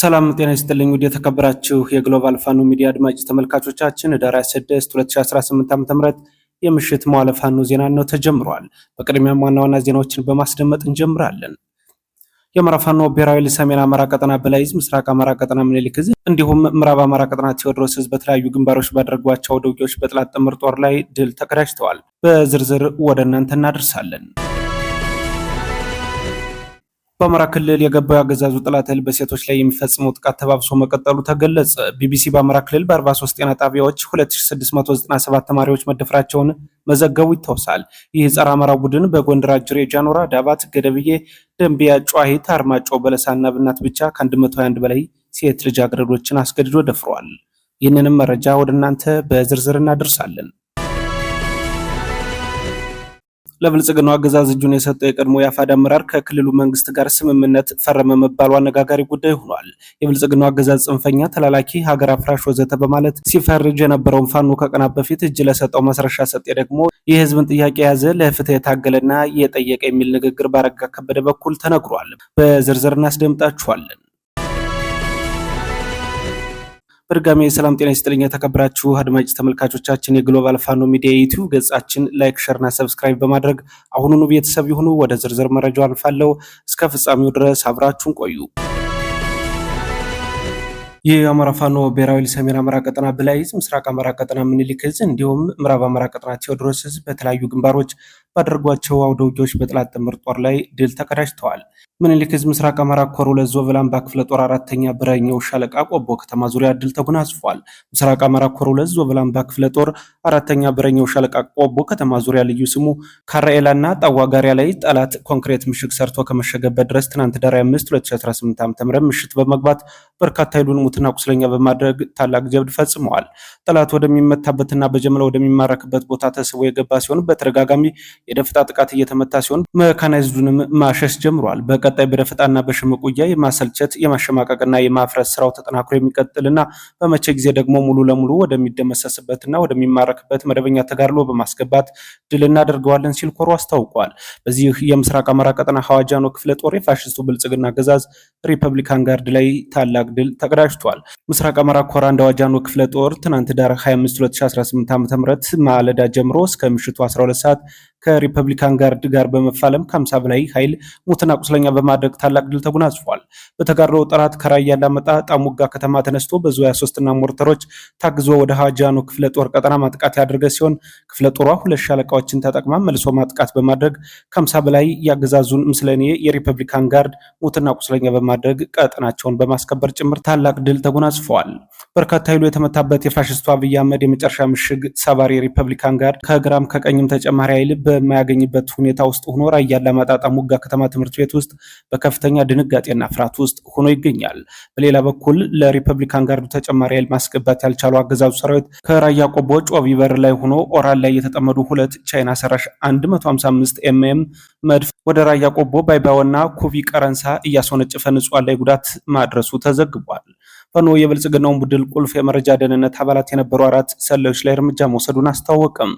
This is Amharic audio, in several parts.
ሰላም ጤና ይስጥልኝ። ውድ የተከበራችሁ የግሎባል ፋኖ ሚዲያ አድማጭ ተመልካቾቻችን ዳራ 6 2018 ዓ.ም የምሽት መዋለ ፋኖ ዜና ነው ተጀምሯል። በቅድሚያም ዋና ዋና ዜናዎችን በማስደመጥ እንጀምራለን። የአማራ ፋኖ ብሔራዊ ሰሜን አማራ ቀጠና በላይ ምስራቅ አማራ ቀጠና ምኒልክ ዕዝ እንዲሁም ምዕራብ አማራ ቀጠና ቴዎድሮስ ዕዝ በተለያዩ ግንባሮች ባደረጓቸው አውደ ውጊያዎች በጠላት ጥምር ጦር ላይ ድል ተቀዳጅተዋል። በዝርዝር ወደ እናንተ እናደርሳለን። በአማራ ክልል የገባው የአገዛዙ ጥላት ኃይል በሴቶች ላይ የሚፈጽመው ጥቃት ተባብሶ መቀጠሉ ተገለጸ። ቢቢሲ በአማራ ክልል በ43 ጤና ጣቢያዎች 2697 ተማሪዎች መደፈራቸውን መዘገቡ ይታወሳል። ይህ ጸረ አማራ ቡድን በጎንደር አጅሬ፣ ጃኖራ፣ ዳባት፣ ገደብዬ፣ ደንቢያ፣ ጨዋሂት፣ አርማጮ፣ በለሳና ብናት ብቻ ከ121 በላይ ሴት ልጃገረዶችን አስገድዶ ደፍሯል። ይህንንም መረጃ ወደ እናንተ በዝርዝር እናደርሳለን። ለብልጽግናው አገዛዝ እጁን የሰጠው የቀድሞ የአፋድ አመራር ከክልሉ መንግስት ጋር ስምምነት ፈረመ መባሉ አነጋጋሪ ጉዳይ ሆኗል። የብልጽግናው አገዛዝ ጽንፈኛ፣ ተላላኪ፣ ሀገር አፍራሽ ወዘተ በማለት ሲፈርጅ የነበረውን ፋኖ ከቀናት በፊት እጅ ለሰጠው መስረሻ ሰጤ ደግሞ የህዝብን ጥያቄ የያዘ ለፍትህ የታገለና የጠየቀ የሚል ንግግር ባረጋ ከበደ በኩል ተነግሯል። በዝርዝር እናስደምጣችኋለን። በድጋሚ የሰላም ጤና ይስጥልኝ የተከበራችሁ አድማጭ ተመልካቾቻችን፣ የግሎባል ፋኖ ሚዲያ ዩቲዩብ ገጻችን ላይክ፣ ሸርና ሰብስክራይብ በማድረግ አሁኑኑ ቤተሰብ ይሁኑ። ወደ ዝርዝር መረጃው አልፋለሁ። እስከ ፍጻሜው ድረስ አብራችሁን ቆዩ። የአማራ ፋኖ ብሔራዊ ሰሜን አማራ ቀጠና ብላይ ዕዝ፣ ምስራቅ አማራ ቀጠና ምኒልክ ዕዝ እንዲሁም ምዕራብ አማራ ቀጠና ቴዎድሮስ ዕዝ በተለያዩ ግንባሮች ባደረጓቸው አውደ ውጊያዎች በጠላት ጥምር ጦር ላይ ድል ተቀዳጅተዋል። ምኒልክ ዕዝ ምስራቅ አማራ ኮር ሁለት ዞብል አምባ ክፍለ ጦር አራተኛ ብረኛው ሻለቃ ቆቦ ከተማ ዙሪያ ድል ተጎናጽፏል። ምስራቅ አማራ ኮር ሁለት ዞብል አምባ ክፍለ ጦር አራተኛ ብረኛው ሻለቃ ቆቦ ከተማ ዙሪያ ልዩ ስሙ ካራኤላና ጣዋ ጋሪያ ላይ ጠላት ኮንክሬት ምሽግ ሰርቶ ከመሸገበት ድረስ ትናንት ዳር 5 2018 ዓ ም ምሽት በመግባት በርካታ ኃይሉን ሙትና ቁስለኛ በማድረግ ታላቅ ጀብድ ፈጽመዋል። ጠላት ወደሚመታበትና በጀምላ ወደሚማረክበት ቦታ ተስቦ የገባ ሲሆን በተደጋጋሚ የደፍጣ ጥቃት እየተመታ ሲሆን መካናይዝዱንም ማሸስ ጀምሯል። በቀጣይ በደፍጣና በሽምቅ ውጊያ የማሰልቸት የማሸማቀቅና የማፍረስ ስራው ተጠናክሮ የሚቀጥልና በመቼ ጊዜ ደግሞ ሙሉ ለሙሉ ወደሚደመሰስበትና ወደሚማረክበት መደበኛ ተጋድሎ በማስገባት ድል እናደርገዋለን ሲል ኮሮ አስታውቋል። በዚህ የምስራቅ አማራ ቀጠና ሐዋጃኖ ክፍለ ጦር የፋሽስቱ ብልጽግና ገዛዝ ሪፐብሊካን ጋርድ ላይ ታላቅ ድል ተቀዳጅቷል። ተዘጋጅቷል። ምስራቅ አማራ ኮራ አንድ ክፍለ ጦር ትናንት ዳር 25 2018 ዓ ም ማለዳ ጀምሮ እስከ ምሽቱ 12 ሰዓት ከሪፐብሊካን ጋርድ ጋር በመፋለም ከአምሳ በላይ ኃይል ሙትና ቁስለኛ በማድረግ ታላቅ ድል ተጎናጽፏል። በተጋድሎ ጥራት ከራያ ያላመጣ ጣሙጋ ከተማ ተነስቶ በዙ 23ና ሞርተሮች ታግዞ ወደ ሀጃኖ ክፍለ ጦር ቀጠና ማጥቃት ያደረገ ሲሆን ክፍለ ጦሯ ሁለት ሻለቃዎችን ተጠቅማ መልሶ ማጥቃት በማድረግ ከአምሳ በላይ ያገዛዙን ምስለኔ የሪፐብሊካን ጋርድ ሙትና ቁስለኛ በማድረግ ቀጠናቸውን በማስከበር ጭምር ታላቅ ድል ተጎናጽፈዋል። በርካታ ኃይሉ የተመታበት የፋሽስቱ አብይ አህመድ የመጨረሻ ምሽግ ሰባሪ ሪፐብሊካን ጋር ከግራም ከቀኝም ተጨማሪ ኃይል በማያገኝበት ሁኔታ ውስጥ ሆኖ ራያ አላማጣ ሙጋ ከተማ ትምህርት ቤት ውስጥ በከፍተኛ ድንጋጤና ፍርሃት ውስጥ ሆኖ ይገኛል። በሌላ በኩል ለሪፐብሊካን ጋርዱ ተጨማሪ ኃይል ማስገባት ያልቻሉ አገዛዙ ሰራዊት ከራያ ቆቦ ጮቢ በር ላይ ሆኖ ኦራል ላይ የተጠመዱ ሁለት ቻይና ሰራሽ 155 ኤምኤም መድፍ ወደ ራያ ቆቦ ባይባወና ኩቢ ቀረንሳ እያስወነጨፈ ንጹሃን ላይ ጉዳት ማድረሱ ተዘግቧል። ፋኖ የብልጽግናውን ቡድን ቁልፍ የመረጃ ደህንነት አባላት የነበሩ አራት ሰላዮች ላይ እርምጃ መውሰዱን አስታወቀም።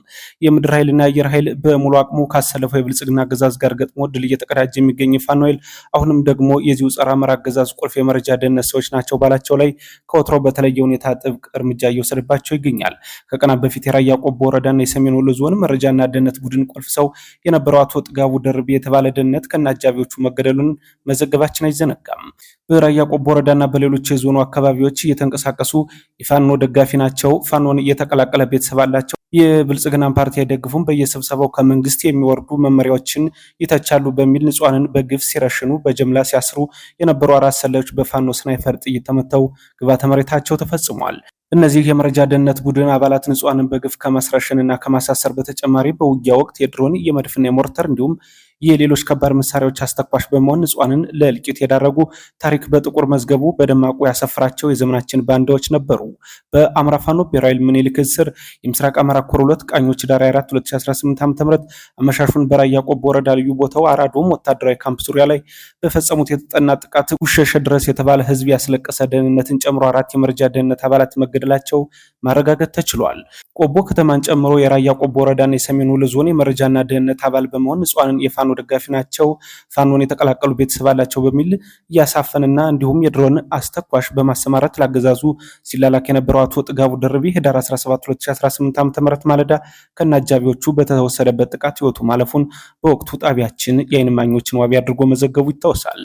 የምድር ኃይልና የአየር ኃይል በሙሉ አቅሙ ካሰለፈው የብልጽግና አገዛዝ ጋር ገጥሞ ድል እየተቀዳጀ የሚገኝ ፋኖ ኃይል አሁንም ደግሞ የዚሁ ጸረ አማራ አገዛዝ ቁልፍ የመረጃ ደህንነት ሰዎች ናቸው ባላቸው ላይ ከወትሮ በተለየ ሁኔታ ጥብቅ እርምጃ እየወሰደባቸው ይገኛል። ከቀናት በፊት የራያ ቆቦ ወረዳና የሰሜን ወሎ ዞን መረጃና ደህንነት ቡድን ቁልፍ ሰው የነበረው አቶ ጥጋቡ ደርቤ የተባለ ደህንነት ከነ አጃቢዎቹ መገደሉን መዘገባችን አይዘነጋም። በራያ ቆቦ ወረዳና በሌሎች የዞኑ አካባቢዎች እየተንቀሳቀሱ የፋኖ ደጋፊ ናቸው፣ ፋኖን እየተቀላቀለ ቤተሰብ አላቸው፣ የብልጽግናን ፓርቲ አይደግፉም፣ በየስብሰባው ከመንግስት የሚወርዱ መመሪያዎችን ይተቻሉ በሚል ንጹሐንን በግፍ ሲረሽኑ፣ በጅምላ ሲያስሩ የነበሩ አራት ሰላዮች በፋኖ ስናይፈር ጥይት ተመተው ግብዓተ መሬታቸው ተፈጽሟል። እነዚህ የመረጃ ደህንነት ቡድን አባላት ንጹሐንን በግፍ ከማስረሸንና ከማሳሰር በተጨማሪ በውጊያ ወቅት የድሮን የመድፍና የሞርተር እንዲሁም የሌሎች ከባድ መሳሪያዎች አስተኳሽ በመሆን ንጹሐንን ለእልቂት የዳረጉ ታሪክ በጥቁር መዝገቡ በደማቁ ያሰፍራቸው የዘመናችን ባንዳዎች ነበሩ። በአማራ ፋኖ ብሔራዊ ምኒልክ ስር የምስራቅ አማራ ኮር ሁለት ቃኞች ዳር 4 2018 ዓ.ም አመሻሹን በራያ ቆቦ ወረዳ ልዩ ቦታው አራዶም ወታደራዊ ካምፕ ዙሪያ ላይ በፈጸሙት የተጠና ጥቃት ውሸሸ ድረስ የተባለ ህዝብ ያስለቀሰ ደህንነትን ጨምሮ አራት የመረጃ ደህንነት አባላት መገደ እንደሚገድላቸው ማረጋገጥ ተችሏል። ቆቦ ከተማን ጨምሮ የራያ ቆቦ ወረዳና የሰሜን ወሎ ዞን የመረጃና ደህንነት አባል በመሆን ንጹሐንን የፋኖ ደጋፊ ናቸው፣ ፋኖን የተቀላቀሉ ቤተሰብ አላቸው በሚል እያሳፈንና እንዲሁም የድሮን አስተኳሽ በማሰማራት ላገዛዙ ሲላላክ የነበረው አቶ ጥጋቡ ደርቢ ህዳር 17 2018 ዓ ም ማለዳ ከነአጃቢዎቹ በተወሰደበት ጥቃት ህይወቱ ማለፉን በወቅቱ ጣቢያችን የአይንማኞችን ዋቢ አድርጎ መዘገቡ ይታወሳል።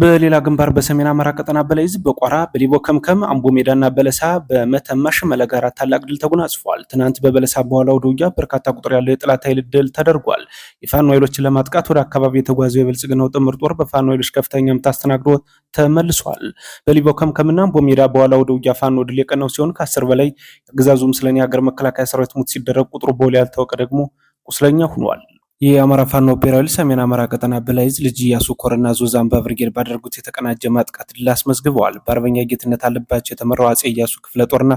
በሌላ ግንባር በሰሜን አማራ ቀጠና በላይ ዕዝ በቋራ በሊቦ ከምከም አምቦ ሜዳና በለሳ በመተማ ሽመለ ጋር ታላቅ ድል ተጎናጽፏል። ትናንት በበለሳ በኋላ ወደ ውጊያ በርካታ ቁጥር ያለው የጠላት ኃይል ድል ተደርጓል። የፋኖ ኃይሎችን ለማጥቃት ወደ አካባቢ የተጓዘው የብልጽግናው ጥምር ጦር በፋኖ ኃይሎች ከፍተኛ ምት አስተናግዶ ተመልሷል። በሊቦ ከምከምና አምቦ ሜዳ በኋላ ወደ ውጊያ ፋኖ ድል የቀነው ሲሆን ከአስር በላይ አገዛዙ ምስለኔ የሀገር መከላከያ ሰራዊት ሙት ሲደረግ ቁጥሩ በውል ያልታወቀ ደግሞ ቁስለኛ ሆኗል። የአማራ ፋኖ ኦፔራዊ ሰሜን አማራ ቀጠና በላይዝ ልጅ ኢያሱ ኮርና ዞዛን በብርጌድ ባደረጉት የተቀናጀ ማጥቃት ድል አስመዝግበዋል። በአርበኛ ጌትነት አለባቸው የተመራው አጼ እያሱ ክፍለ ጦርና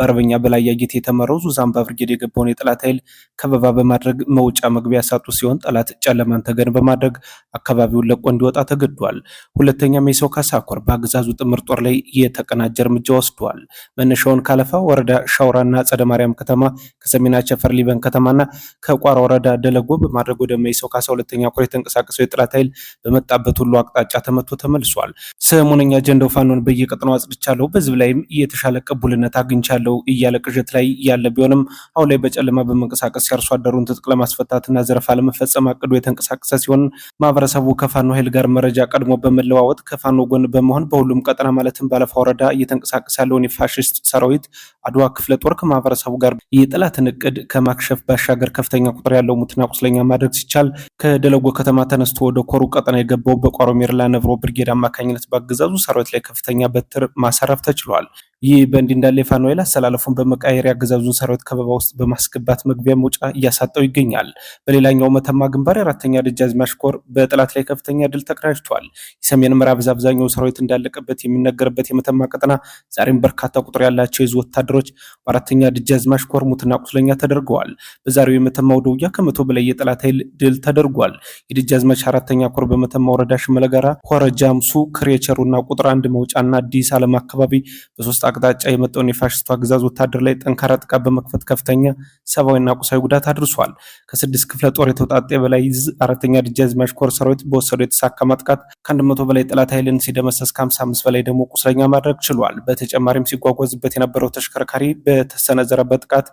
በአርበኛ በላይ ያጌት የተመራው ዙዛምባ ብርጌድ የገባውን የጠላት ኃይል ከበባ በማድረግ መውጫ መግቢያ ያሳጡ ሲሆን ጠላት ጨለማን ተገን በማድረግ አካባቢውን ለቆ እንዲወጣ ተገዷል። ሁለተኛ የሰው ካሳኮር በአገዛዙ ጥምር ጦር ላይ የተቀናጀ እርምጃ ወስዷል። መነሻውን ካለፋ ወረዳ ሻውራና ጸደ ማርያም ከተማ ከሰሜና ቸፈር ሊበን ከተማና ከቋራ ወረዳ ደለጎ በማድረግ ወደ መይሰው ካሳ ሁለተኛ ኮር የተንቀሳቀሰው የጠላት ኃይል በመጣበት ሁሉ አቅጣጫ ተመቶ ተመልሷል። ሰሞነኛ አጀንዳው ፋኖን በየቀጥነው አጽድቻለሁ፣ በህዝብ ላይም የተሻለ ቅቡልነት አግኝቻለሁ ያለው እያለ ቅዠት ላይ ያለ ቢሆንም አሁን ላይ በጨለማ በመንቀሳቀስ የአርሶ አደሩን ትጥቅ ለማስፈታትና ዘረፋ ለመፈጸም አቅዶ የተንቀሳቀሰ ሲሆን ማህበረሰቡ ከፋኖ ኃይል ጋር መረጃ ቀድሞ በመለዋወጥ ከፋኖ ጎን በመሆን በሁሉም ቀጠና ማለትም ባለፋ ወረዳ እየተንቀሳቀሰ ያለውን የፋሽስት ሰራዊት አድዋ ክፍለ ጦር ከማህበረሰቡ ጋር የጠላትን እቅድ ከማክሸፍ ባሻገር ከፍተኛ ቁጥር ያለው ሙትና ቁስለኛ ማድረግ ሲቻል ከደለጎ ከተማ ተነስቶ ወደ ኮሩ ቀጠና የገባው በቋሮ ሜርላ ነብሮ ብርጌድ አማካኝነት በአገዛዙ ሰራዊት ላይ ከፍተኛ በትር ማሳረፍ ተችሏል። ይህ በእንዲህ እንዳለ የፋኖ አሰላለፉን በመቃየር ያገዛዙን ሰራዊት ከበባ ውስጥ በማስገባት መግቢያ መውጫ እያሳጠው ይገኛል። በሌላኛው መተማ ግንባር የአራተኛ ደጃዝማች ኮር በጠላት ላይ ከፍተኛ ድል ተቀዳጅቷል። የሰሜን ምዕራብ ዕዝ አብዛኛው ሰራዊት እንዳለቀበት የሚነገርበት የመተማ ቀጠና ዛሬም በርካታ ቁጥር ያላቸው የዕዙ ወታደሮች በአራተኛ ደጃዝማች ኮር ሙትና ቁስለኛ ተደርገዋል። በዛሬው የመተማ ውጊያ ከመቶ በላይ የጠላት ኃይል ድል ተደርጓል። የደጃዝማች አራተኛ ኮር በመተማ ወረዳ ሽመለጋራ ኮረ፣ ጃምሱ፣ ክሬቸሩና ቁጥር አንድ መውጫና አዲስ ዓለም አካባቢ በሶስት አቅጣጫ የመጣውን የፋሽስቱ አገዛዝ ወታደር ላይ ጠንካራ ጥቃት በመክፈት ከፍተኛ ሰብአዊና ቁሳዊ ጉዳት አድርሷል። ከስድስት ክፍለ ጦር የተውጣጠ የበላይ ይዝ አራተኛ ደጃዝማች ኮር ሰራዊት በወሰዱ የተሳካ ማጥቃት ከአንድ መቶ በላይ ጠላት ኃይልን ሲደመሰስ ከሀምሳ አምስት በላይ ደግሞ ቁስለኛ ማድረግ ችሏል። በተጨማሪም ሲጓጓዝበት የነበረው ተሽከርካሪ በተሰነዘረበት ጥቃት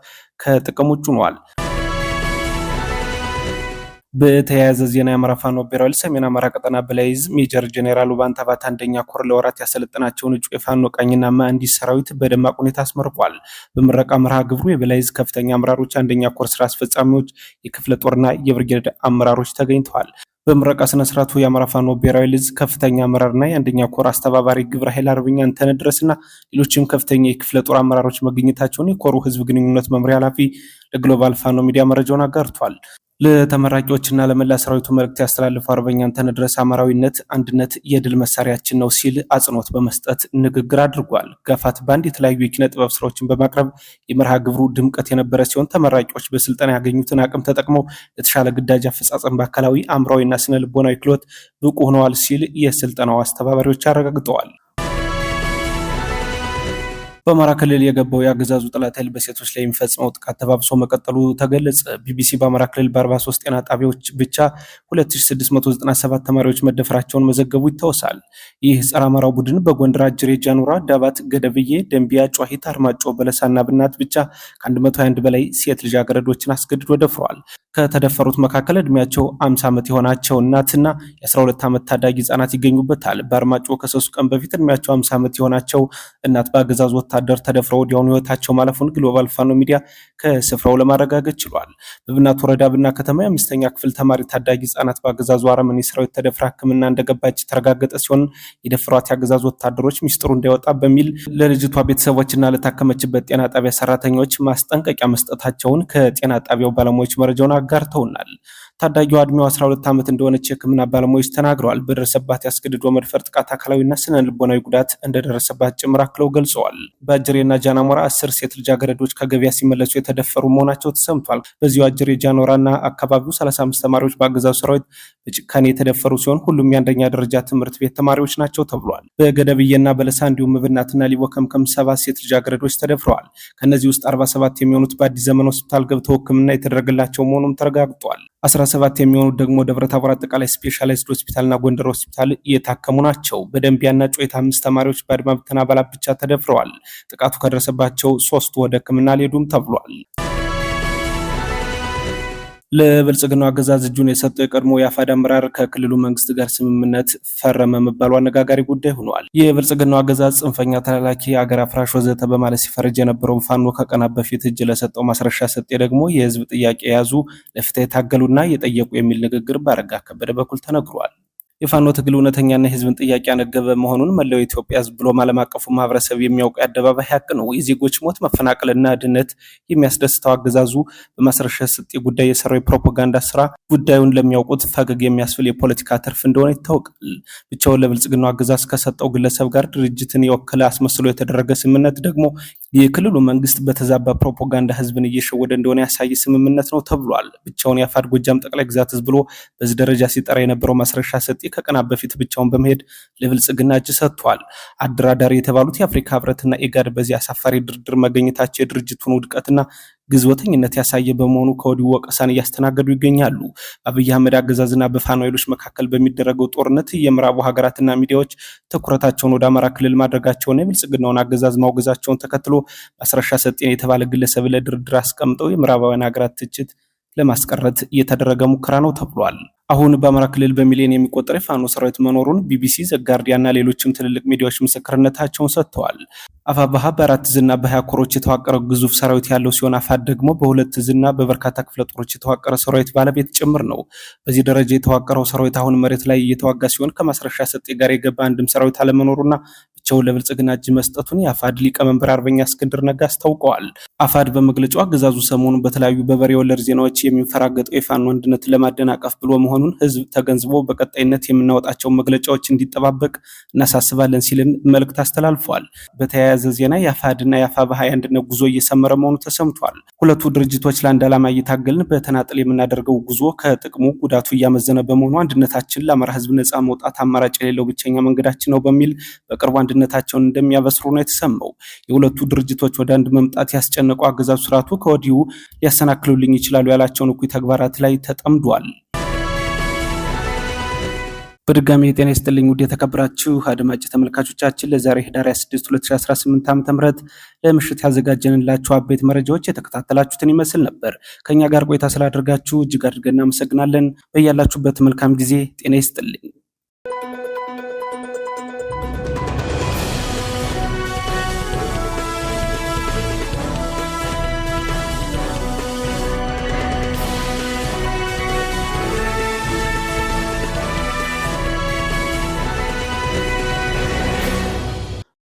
ከጥቅም ውጭ ሆኗል። በተያያዘ ዜና የአማራ ፋኖ ብሔራዊ ሰሜን አማራ ቀጠና በላይ ሜጀር ጄኔራል ውባንተ አንደኛ ኮር ለወራት ያሰለጠናቸውን እጩ የፋኖ ቀኝና መሐንዲስ ሰራዊት በደማቅ ሁኔታ አስመርቋል። በምረቃ መርሃ ግብሩ የበላይ ከፍተኛ አመራሮች፣ አንደኛ ኮር ስራ አስፈጻሚዎች፣ የክፍለ ጦርና የብርጌድ አመራሮች ተገኝተዋል። በምረቃ ስነ ስርዓቱ የአማራ ፋኖ ብሔራዊ ልዝ ከፍተኛ አመራርና የአንደኛ ኮር አስተባባሪ ግብረ ኃይል አርበኛ አንተነህ ድረስና ሌሎችም ከፍተኛ የክፍለ ጦር አመራሮች መገኘታቸውን የኮሩ ህዝብ ግንኙነት መምሪያ ኃላፊ ለግሎባል ፋኖ ሚዲያ መረጃውን አጋርቷል። ለተመራቂዎችና ለመላ ሰራዊቱ መልእክት ያስተላልፈ አርበኛ አንተነህ ድረስ አማራዊነት አንድነት የድል መሳሪያችን ነው ሲል አጽንኦት በመስጠት ንግግር አድርጓል። ገፋት ባንድ የተለያዩ የኪነ ጥበብ ስራዎችን በማቅረብ የመርሃ ግብሩ ድምቀት የነበረ ሲሆን ተመራቂዎች በስልጠና ያገኙትን አቅም ተጠቅመው ለተሻለ ግዳጅ አፈጻጸም በአካላዊ አእምራዊና ስነ ልቦናዊ ክሎት ብቁ ሆነዋል ሲል የስልጠናው አስተባባሪዎች አረጋግጠዋል። በአማራ ክልል የገባው የአገዛዙ ጠላት ኃይል በሴቶች ላይ የሚፈጽመው ጥቃት ተባብሶ መቀጠሉ ተገለጸ። ቢቢሲ በአማራ ክልል በ43 ጤና ጣቢያዎች ብቻ 2697 ተማሪዎች መደፈራቸውን መዘገቡ ይታወሳል። ይህ ጸረ አማራው ቡድን በጎንደር አጅሬ፣ ጃኑራ፣ ዳባት፣ ገደብዬ፣ ደንቢያ፣ ጨዋሂት፣ አርማጮ፣ በለሳና ብናት ብቻ ከ121 በላይ ሴት ልጃገረዶችን አስገድዶ ደፍሯል። ከተደፈሩት መካከል እድሜያቸው 50 ዓመት የሆናቸው እናትና የ12 ዓመት ታዳጊ ህጻናት ይገኙበታል። በአርማጮ ከሰሱ ቀን በፊት እድሜያቸው 50 ዓመት የሆናቸው እናት ወታ ወታደር ተደፍረው ወዲያውኑ ህይወታቸው ማለፉን ግሎባል ፋኖ ሚዲያ ከስፍራው ለማረጋገጥ ችሏል። በብናት ወረዳ ብና ከተማ የአምስተኛ ክፍል ተማሪ ታዳጊ ህጻናት በአገዛዙ አረመኔ ሰራዊት ተደፍራ ህክምና እንደገባች የተረጋገጠ ሲሆን የደፍሯት የአገዛዙ ወታደሮች ሚስጥሩ እንዳይወጣ በሚል ለልጅቷ ቤተሰቦችና ለታከመችበት ጤና ጣቢያ ሰራተኞች ማስጠንቀቂያ መስጠታቸውን ከጤና ጣቢያው ባለሙያዎች መረጃውን አጋርተውናል። ታዳጊዋ አድሜው 12 ዓመት እንደሆነች የህክምና ባለሙያዎች ተናግረዋል። በደረሰባት ያስገድዶ መድፈር ጥቃት አካላዊና ስነ ልቦናዊ ጉዳት እንደደረሰባት ጭምር አክለው ገልጸዋል። በአጅሬና ጃናሞራ አስር ሴት ልጃገረዶች ከገበያ ሲመለሱ የተደፈሩ መሆናቸው ተሰምቷል። በዚሁ አጅሬ ጃኖራና አካባቢው 35 ተማሪዎች በአገዛዙ ሰራዊት በጭካኔ የተደፈሩ ሲሆን ሁሉም የአንደኛ ደረጃ ትምህርት ቤት ተማሪዎች ናቸው ተብሏል። በገደብዬና በለሳ እንዲሁም እብናትና ሊቦ ከምከም ሰባት ሴት ልጃገረዶች ተደፍረዋል። ከእነዚህ ውስጥ 47 የሚሆኑት በአዲስ ዘመን ሆስፒታል ገብተው ሕክምና የተደረገላቸው መሆኑም ተረጋግጧል። 17 የሚሆኑት ደግሞ ደብረ ታቦር አጠቃላይ ስፔሻላይዝድ ሆስፒታልና ጎንደር ሆስፒታል እየታከሙ ናቸው። በደንቢያና ጩኸት አምስት ተማሪዎች በአድማ ብተና አባላት ብቻ ተደፍረዋል። ጥቃቱ ከደረሰባቸው ሶስቱ ወደ ሕክምና አልሄዱም ተብሏል። ለብልጽግናው አገዛዝ እጁን የሰጠው የቀድሞ የአፋድ አመራር ከክልሉ መንግስት ጋር ስምምነት ፈረመ መባሉ አነጋጋሪ ጉዳይ ሆኗል። የብልጽግናው አገዛዝ ጽንፈኛ፣ ተላላኪ፣ አገር አፍራሽ ወዘተ በማለት ሲፈርጅ የነበረውን ፋኖ ከቀናት በፊት እጅ ለሰጠው ማስረሻ ሰጤ ደግሞ የህዝብ ጥያቄ የያዙ ለፍትህ የታገሉና የጠየቁ የሚል ንግግር በአረጋ ከበደ በኩል ተነግሯል። የፋኖ ትግል እውነተኛና የህዝብን ጥያቄ ያነገበ መሆኑን መላው የኢትዮጵያ ህዝብ ብሎም ዓለም አቀፉ ማህበረሰብ የሚያውቅ የአደባባይ ሀቅ ነው። የዜጎች ሞት፣ መፈናቀልና ድህነት የሚያስደስተው አገዛዙ በማስረሻ ስጤ ጉዳይ የሰራው የፕሮፓጋንዳ ስራ ጉዳዩን ለሚያውቁት ፈገግ የሚያስብል የፖለቲካ ትርፍ እንደሆነ ይታወቃል። ብቻውን ለብልጽግናው አገዛዝ ከሰጠው ግለሰብ ጋር ድርጅትን የወከለ አስመስሎ የተደረገ ስምምነት ደግሞ የክልሉ መንግስት በተዛባ ፕሮፓጋንዳ ህዝብን እየሸወደ እንደሆነ ያሳየ ስምምነት ነው ተብሏል። ብቻውን የአፋድ ጎጃም ጠቅላይ ግዛት ህዝብ ብሎ በዚህ ደረጃ ሲጠራ የነበረው ማስረሻ ሰጤ ከቀናት በፊት ብቻውን በመሄድ ለብልጽግና እጅ ሰጥቷል። አደራዳሪ የተባሉት የአፍሪካ ህብረትና ኢጋድ በዚህ አሳፋሪ ድርድር መገኘታቸው የድርጅቱን ውድቀትና ግዝወተኝነት ያሳየ በመሆኑ ከወዲሁ ወቀሳን እያስተናገዱ ይገኛሉ። በአብይ አህመድ አገዛዝና በፋኖ ኃይሎች መካከል በሚደረገው ጦርነት የምዕራቡ ሀገራትና ሚዲያዎች ትኩረታቸውን ወደ አማራ ክልል ማድረጋቸውን የብልጽግናውን አገዛዝ ማውገዛቸውን ተከትሎ ማስረሻ ሰጤን የተባለ ግለሰብ ለድርድር አስቀምጠው የምዕራባውያን ሀገራት ትችት ለማስቀረት እየተደረገ ሙከራ ነው ተብሏል። አሁን በአማራ ክልል በሚሊዮን የሚቆጠር የፋኖ ሰራዊት መኖሩን ቢቢሲ፣ ዘጋርዲያ እና ሌሎችም ትልልቅ ሚዲያዎች ምስክርነታቸውን ሰጥተዋል። አፋብኃ በአራት ዝና በሀያ ኮሮች የተዋቀረ ግዙፍ ሰራዊት ያለው ሲሆን አፋድ ደግሞ በሁለት ዝና በበርካታ ክፍለ ጦሮች የተዋቀረ ሰራዊት ባለቤት ጭምር ነው። በዚህ ደረጃ የተዋቀረው ሰራዊት አሁን መሬት ላይ እየተዋጋ ሲሆን ከማስረሻ ሰጤ ጋር የገባ አንድም ሰራዊት አለመኖሩና ብቻውን ለብልጽግና እጅ መስጠቱን የአፋድ ሊቀመንበር አርበኛ እስክንድር ነጋ አስታውቀዋል። አፋድ በመግለጫው አገዛዙ ሰሞኑን በተለያዩ በበሬ ወለድ ዜናዎች የሚንፈራገጠው የፋኖ አንድነት ለማደናቀፍ ብሎ መሆኑን ህዝብ ተገንዝቦ በቀጣይነት የምናወጣቸውን መግለጫዎች እንዲጠባበቅ እናሳስባለን ሲልም መልእክት አስተላልፏል። በተያያ በተያያዘ ዜና የአፋ የአፋብኃ የአንድነት ጉዞ እየሰመረ መሆኑ ተሰምቷል። ሁለቱ ድርጅቶች ለአንድ ዓላማ እየታገልን በተናጠል የምናደርገው ጉዞ ከጥቅሙ ጉዳቱ እያመዘነ በመሆኑ አንድነታችን ለአማራ ሕዝብ ነፃ መውጣት አማራጭ የሌለው ብቸኛ መንገዳችን ነው በሚል በቅርቡ አንድነታቸውን እንደሚያበስሩ ነው የተሰማው። የሁለቱ ድርጅቶች ወደ አንድ መምጣት ያስጨነቀው አገዛዙ ስርዓቱ ከወዲሁ ሊያሰናክሉልኝ ይችላሉ ያላቸውን እኩይ ተግባራት ላይ ተጠምዷል። በድጋሚ የጤና ይስጥልኝ ውድ የተከበራችሁ አድማጭ ተመልካቾቻችን ለዛሬ ህዳር 26 2018 ዓ ም ለምሽት ያዘጋጀንላችሁ አበይት መረጃዎች የተከታተላችሁትን ይመስል ነበር። ከእኛ ጋር ቆይታ ስላደርጋችሁ እጅግ አድርገን እናመሰግናለን። በያላችሁበት መልካም ጊዜ ጤና ይስጥልኝ።